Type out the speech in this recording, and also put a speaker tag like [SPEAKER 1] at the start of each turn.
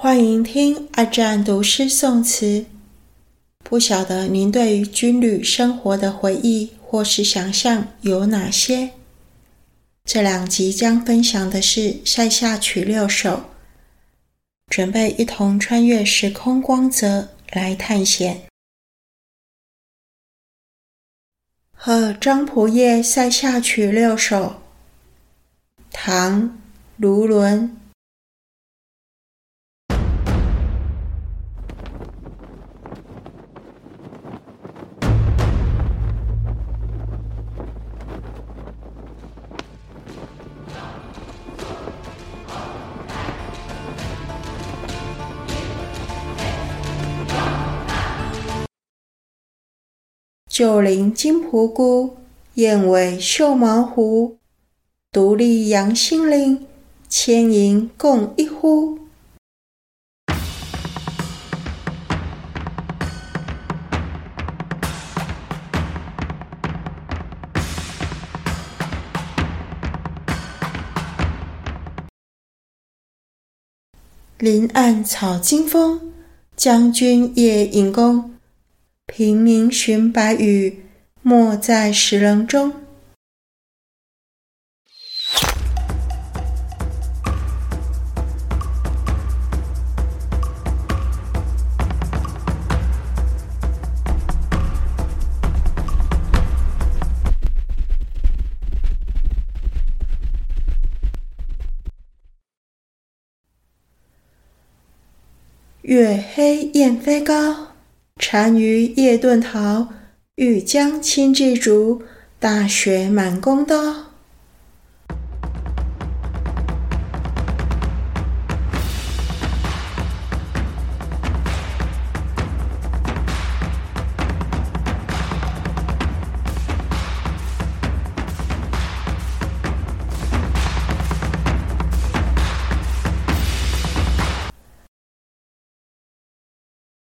[SPEAKER 1] 歡迎聽《二占讀詩宋詞》。不曉得您對於軍旅生活的回憶或是想象有哪些？這兩集將分享的是《塞下曲六首》，準備一同穿越時空光澤來探險。和張僕射塞下曲六首》，唐·盧綸。鷲翎金僕姑，燕尾繡蝥弧，獨立揚新令，千營共一呼。林暗草驚風，將軍夜引弓。平明尋白羽，沒在石稜中。月黑雁飛高，單於夜遁逃，欲將輕騎逐，大雪滿弓刀。